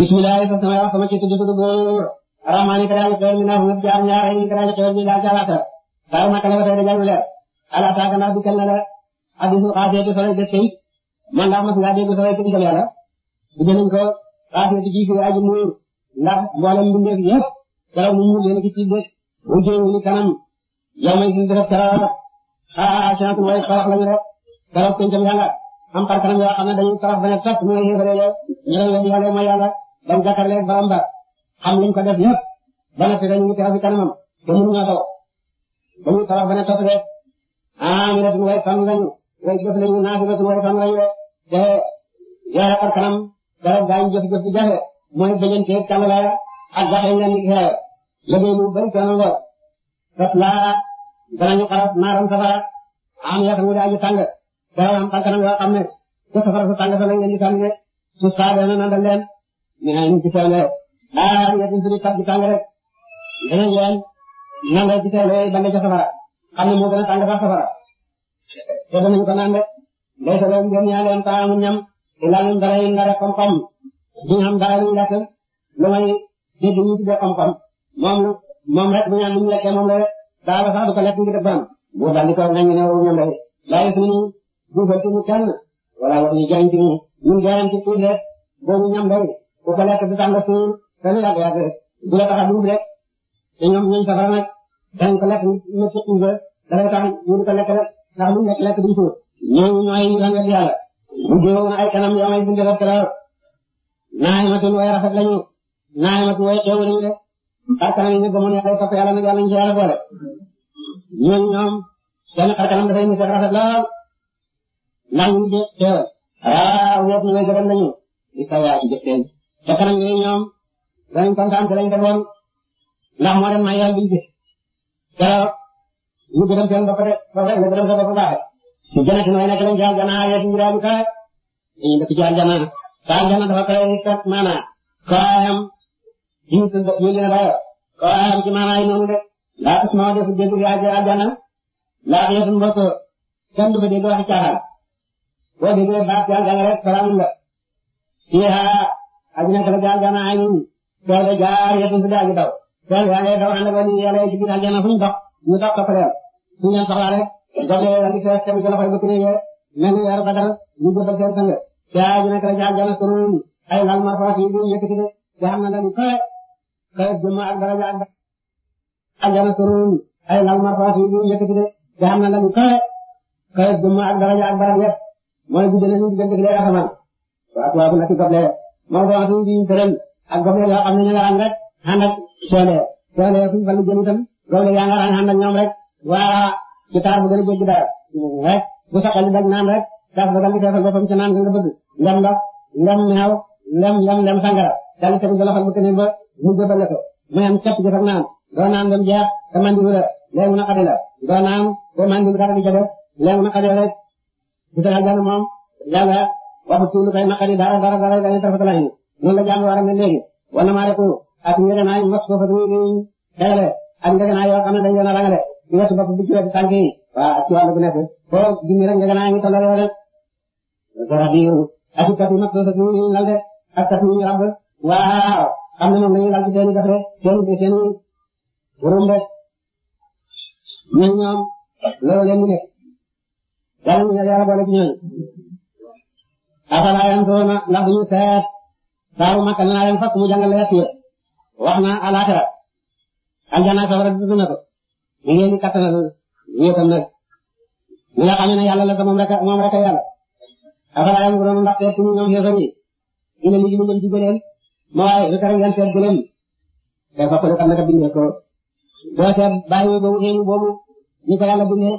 bismillah sa sama wax sama ci tudd tudd boo rahmaani kadaal xeer mi naa xungat jaar ñaar ay kadaal xeer mi laa jaalaata daaw naka la ba tey da jàllu leer ala taaka ndax dikkal na la hadisu xaasiyatu solay de sey man ndax mas ngaa dégg solay ci yàlla bu jënañ ko xaasiyatu ji fi aji muur ndax mboolem mbindeef yëpp karaw mu muur leen ci ci dëkk mu jéewu ni kanam yow may si def karaw xaa chantun way xalax lañu rek karaw pencam yàlla am xar kanam yoo xam ne dañuy xalax bañ a tat mooy xéefale ñu doon weddi yàlla mooy yàlla bañ jàkkaarloo borom ba xam liñ ko def yëpp ba noppi dañu ngi teew ci kanamam te mënu nga daw ba ñu tabax ba ne topp rek ah ñu ne suñu way fan lañu way jëf lañu naatu la suñu way fan lañu rek te yore par kanam dara daañu jëf-jëf bu jafe mooy dajanteeg tàngalaay ak jafe ngeen di xeew liggéey lu bëri coono lool fas laa danañu xaraf naaram safara am yaa xam ne dañu tàng dara am par kanam yoo xam ne te safara su tàng sa lañ leen di tànn de su saa dana nandal leen ñu ni tax bi tàng rek yooyu ba nga safara xam ne moo gën a safara te danañ ko naan rek day toll ngeen ñaareelu taamu ñu am dara lu lu may dégg ñu moom la rek daara sax du ko lekk ngir def baam bu daldi ko nañu ne ñoom day laaj suñu duufal ci ñu kenn wala wax ñu jaañ ci ñu ñun jaañ ñam day ku ko lekk du tànga suur te lu yàgg yàgg rek du la tax a duub rek te ñoom ñooñu safara nag dañ ko lekk ñu ci tuuba dalay tax ñu di ko lekk rek ndax lu nekk lekk duñ suur ñooñu ñooy ñooy wedd yàlla bu joowoon ay kanam yoo may bindee rek la naay ma tun way rafet lañu naay ma tun way xew lañu de xar kanam yi ñu gëmoon yàlla topp yàlla nag yàlla ñu ci yàlla boole ñooñu ñoom seen xar kanam dafay mos a rafet lool ndax ñu ngi xeewal ah wóob ñu way gërëm lañu di kaw yaa ci jëf seen te kanam yooyu ñoom danañ kontaan te lañ defoon ndax moo dem may yàlla biñ gis keroog ñu gërëm seen bopp de foofu rek nga gërëm sa bopp baaxee. su jënd si mooy nekk nañ ci aljana yeesu ñu daal di kawe dañuy dëkk ci aljana te aljana dafa kawe nit kat maanaam koraayam ci nit ñu gën a dayoo koraayam ci maanaam ay noonu de laa tus ma defu dégg yaa jël aljana laa yeesu mbokk kenn du fa dégg waxi caaxaan boo déggee baax ci aljana rek salaamul la fiihaa àddina fa la gaal gaal naa ay ñun tool ba jaar yëpp daal di daw tool yaa ngay daw ànd ak wàllu yàlla yi ci biir àjjana fu ñu dox ñu dox topp leen fu ñu leen soxlaa rek dox leen andi fees tamit la fay bëgg nañ leen mel ni weeru Badar ñu jëbal seen sang ca àddina fa la gaal gaal sunu ay lal marfaat yi ñu yëkkati de nga xam ne dañu kawe kawe jëmm ak daraja ak àjjana sunu ay lal marfaat yi ñu yëkkati de nga xam ne dañu kawe kawe jëmm ak daraja ak barab yëpp mooy guddi nañu diggante ak asamaan waaw waaw bu nekk goble Maodo ak ñi ñu tëral ak gox yooyu xam ne ñu nga am rek ànd ak soole soole suñu fan la jëm itam loolu yaa nga xam ànd ñoom rek waa ci bu gën a jéggi rek bu soxla li naan rek taas ba dal di feesal boppam ci naan nga bëgg ndem ndox ndem meew ndem ndem ndem sangara dal di tegu ba loxol bu keneen ba mu jëfal la ko mu am képp jëf naan doo naan dem jeex te mandi wu la na xadi doo naan boo mandi dara di ca def na xadi rek di a waxu suul kay naqari dara dara dara dañuy tarfata lañu noonu la jàmm war a mel léegi wala maa reku ak ngegenaay mos ko fa duñu tegale ak ngegenaay yoo xam ne dañu doon rangale ci wetu bopp bi yi waaw ak ci bu nekk foo gindi rek ngi tolloo yoo de garab yi ak kat yi mos ko waaw xam ne moom lañuy lal ci seeni def rek seeni seeni wurum de ñun ñoom loolu leen di nekk yàlla ñu yàlla boole ci afala yanzuruna ndax duñu seet saaru makka nee naa leen fokk mu jàngale xeet ya wax na alaxira aljana na ko ñu ngi leen di kattanal wéetam nag xam ne yàlla la te moom rek moom rek yàlla afala yanzuruna ndax seet suñu ñoom xeesam yi ina li ñu mën ma waaye rek rek ngeen seet gëléem te fokk rek naka bindee ko boo seet bàyyi boobu xeeñu boobu ñu ko yàlla bindee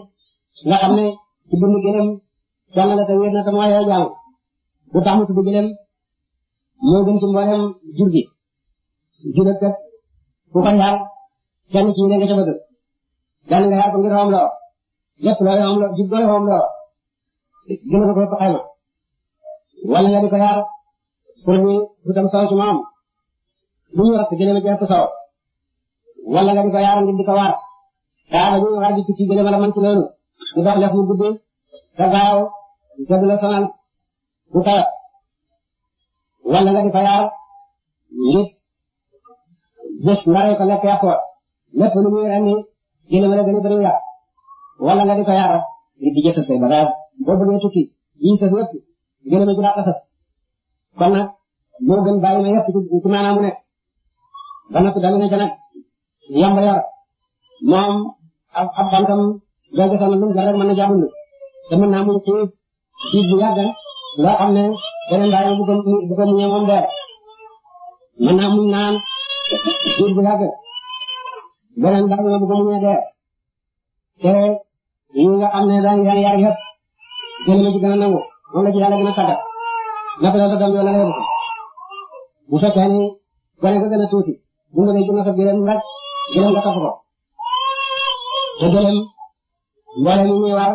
nga xam ne ci bind gëléem kenn la te wéet na te mooy jaamu lu tax mu tudd gëlëm moo gën ci mboolem jur gi jur ak kat ku ko ñaar kenn ci ne nga ca bëgg kenn nga yaar ko ngir xawam loo lépp looy xawam loo jub doole xawam loo gën a ko ko xayma wala nga di ko yaar pour ñu butam soow ci moom lu ñu rakk gëlëm a jeex ko soow wala nga di ko yaar ngir di ko waar kaa ba ñu war di tukki gëlëm la man ci loolu ñu dox lef mu guddi te gaaw te du la sonal du xeex wala nga di ko yaar ngir nga rey ko lekk yàqoo lépp lu muy rendi dina mën a gën a bëri yàq nga di ko yaar ngir di jëfandikoo ba daal boo bëggee tukki yi sa yëpp gën a mën a jëlaat kon nag ma yëpp ci maanaam mu nekk ba noppi dalu ne ca nag yomb yor moom ab ab bànqam doo gëstoo na lu mu mën a jàppandi te mën naa muy xiif xiif bu yàgg loo xam ne beneen daal bu ko bu ko moom dee mën muñ naan diir bu yàgg beneen daal te yi nga xam ne daañu daan yaay yëpp jëlee na a nangu moom la ci yàlla gën a tàggat na ko la doon wala yóbbu ko bu fekkee ni gone nga gën a tuuti bu mu bëggee gën a fa gëlëm rek gëlëm nga topp ko te gëlëm mboolem yi ñuy war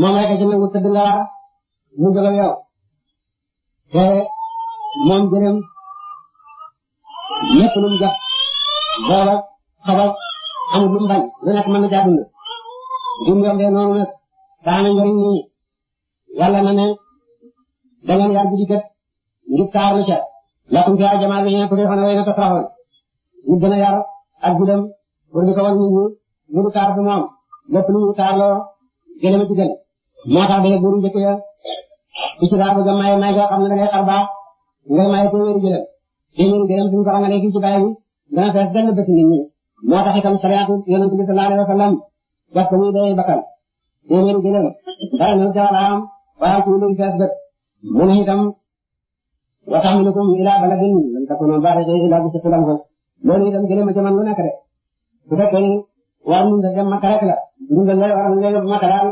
moom rek a ci nangu tëdd nga war mu gën a te moom gënëm lépp lu mu jox booba xabar amul lu mu bañ lu nekk mën na jaatu na du mu yombee noonu nag daana njëriñ nii yàlla na ne da ngeen yar guddi gët ngir taaru ca lakum fiha jamaalun hiina turihuna wa hiina tasrahun ñu gën a yar ak guddam pour di ko wan nit ñi lu du taar fi moom lépp moo tax ba buuru njëkk fii ci laa bëgg a maye may koo xam ne dangay xar ngay maye téeméeri gëlëm téeméeri gëlëm suñu ko rangalee fii ci bàyyi bi dana fees benn bët nit ñi moo tax itam sariyaatu yonent bi sallallahu alayhi wa sallam def ko muy dee bakkan téeméeri gëlëm dara ñëw ca wala am waaye ci lu fees bët mu ilaa baladin lam takunu balighihi illaa bi shiqqi l-anfus loolu itam gëlëm ca man lu nekk de su fekkee ni war ñu dem Makka rek la ndundal lay war ñu lay yóbbu Makka daal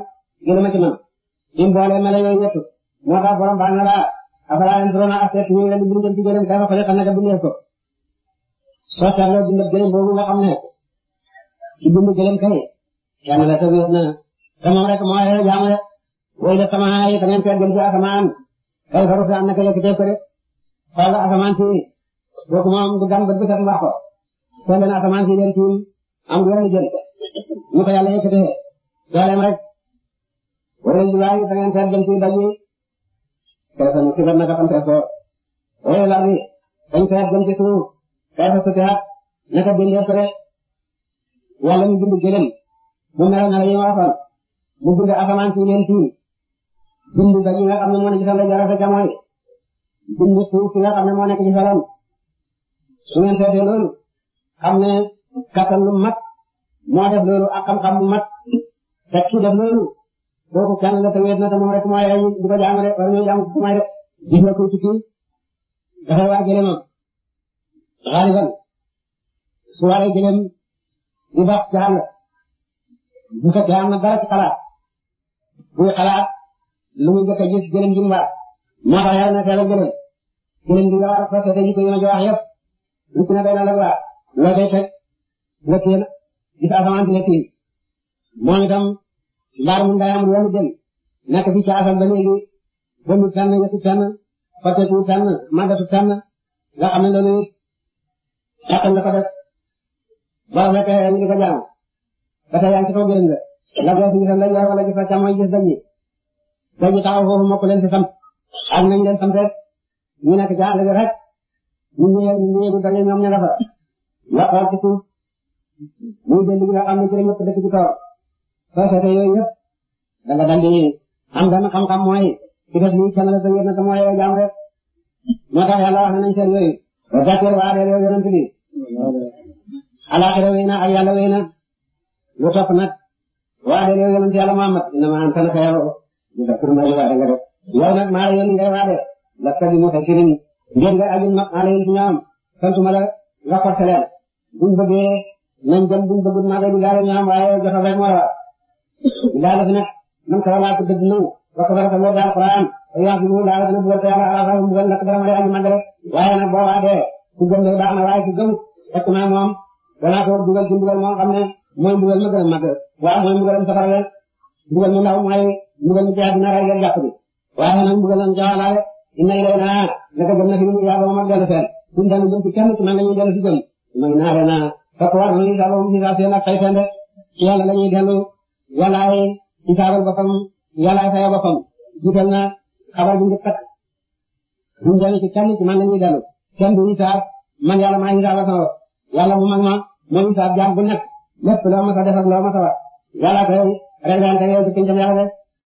gëlëm ca moo tax borom baax na laa abalaa leen trop naa affaire ñu leen di bind jëm fa xale xam ne que bindee soo seetloo bind gërëm boobu nga xam ne ci bind gërëm kay kenn la tënk na te moom rek moo yore jaamu rek way def sama yi tamit fekk asamaan kay fa rufe na ko yëkkatee ko de xoolal asamaan si kooku moom gan bët bu set wax ko asamaan si leen tuum am lu leen jël ñu ko yàlla yëkkatee dooleem rek way def waaye tamit fekk jëm ci daj kayfa nusibat naka famteef ko wala laa ni bañ koy dem ci suuf kayfa sutihat naka bindee ko de wala mu bind gëlëm mu mel na la ñu mu bind asamaan si leen fii bind ñi nga xam ne moo nekk ci sa ndeyjoor sa jamono bind si nga xam ne moo nekk ci sa loon su ngeen seetee loolu xam ne kattan lu mat moo def loolu ak xam-xam mat te ki def loolu kooku kenn la te wéet na te moom rek mooy rey di ko jaamu de war nañu jaamu ku may de gis nga kuy tukki dafay waa gëlëmam xaaliban su waree gëlëm di dox ci àll bu fekkee am na dara ci xalaat buy xalaat lu mu njëkk a gis gëlëm ji mbaar moo tax yàlla na teel a gëlëm gëlëm di nga war a fekk te ñu ko yéen a jox yëpp lu ci ne doy na la baax loo koy fekk nga téye la gis asamaan si la téye moom itam Ndar mu ndayam yoonu jëm nekk fi caasam ba léegi bënn tànn yëpp tànn fateku tànn màggatu tànn nga xam ne la ko def boo fekkee ñu di ko jaamu ba tey yaa ngi ci la goo si gisal ndeyjoor wala gis la càmmoñ gis dañuy dañuy taxaw leen si sant ak nañ leen sant ñu nekk ca àll bi rek ñu ñëwee ñu ñëwee du daje nga fa nga xool ci suuf muy jënd bi nga xam ne ci la soo seetee yooyu yëpp da nga daldi am benn xam-xam mooy ci def lii kenn la sa ngeen na te mooy yow jaam rek moo tax yàlla wax na nañ seen yooyu ba gàcceel waa réew yonent bi alaaxira wéy na ak yàlla wéy na lu topp nag waa réew yonent yàlla Muhammad dina ma am kana ka yow lu topp na lu waade nga def yow nag maa la yónni ngay waade la tabi mu fakirin ngeen ngay ajul ma maa la yónni ñoom santuma la nga forcé leen buñ bëggee nañ dem buñ bëggul maa ngay du gaare ñoom waaye joxe rek moo la illaa la fi nekk man ka wallaa ku dëgg nangu wa kafara ka weddi alquran wa yu'adhibuhu laa dina bugal te yàlla alaafaahu bugal nak dara ma lay aji màggale waaye nag boobaa dee ku gëm de baax na waaye ku gëm fekk naa moom danaa ko dugal ci mbugal moo xam ne mooy ma gën a màgg waaw mooy mbugalam safara la mbugal mu ndaw mooy mbugal mu jaay dina rey leen jàpp bi waaye nag mbugalam jawalaale inna ilayna na mu yaa ba ma dellu fenn suñu dañu gëm ci kenn ci man la a yàllaay isaabal boppam yàllaay fayal boppam jiital na xabar bu kat bu mu dellu ci kenn ci man la ñuy kenn du isaab man yàlla maa isaabal sama bopp yàlla mu mag ma bu nekk lépp loo sa def ak sa wax yàllaa koy réglé ak yow ci këncam yàlla de